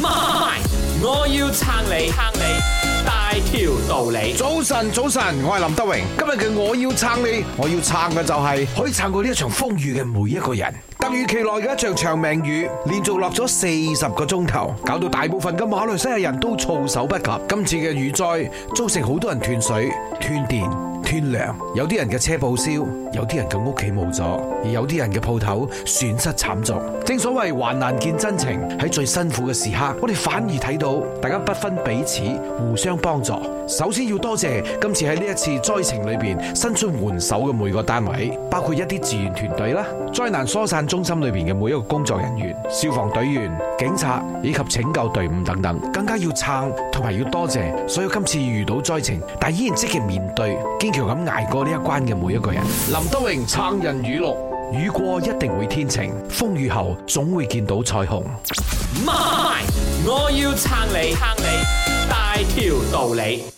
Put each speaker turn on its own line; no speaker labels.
My. 我要撐你，撐你
大條道理。早晨，早晨，我係林德榮。今日嘅我要撐你，我要撐嘅就係可以撐過呢一場風雨嘅每一個人。突如其來嘅一場長命雨，連續落咗四十個鐘頭，搞到大部分嘅馬來西亞人都措手不及。今次嘅雨災造成好多人斷水斷電。圈涼，有啲人嘅車報銷，有啲人嘅屋企冇咗，而有啲人嘅鋪頭損失慘重。正所謂患難見真情，喺最辛苦嘅時刻，我哋反而睇到大家不分彼此，互相幫助。首先要多謝今次喺呢一次災情裏邊伸出援手嘅每個單位，包括一啲志願團隊啦，災難疏散中心裏邊嘅每一個工作人員、消防隊員、警察以及拯救隊伍等等，更加要撐同埋要多謝。所以今次遇到災情，但依然積極面對，堅決。就咁捱過呢一關嘅每一個人。林德榮撐人語錄，雨過一定會天晴，風雨後總會見到彩虹。
我要撐你，撐你，大條道理。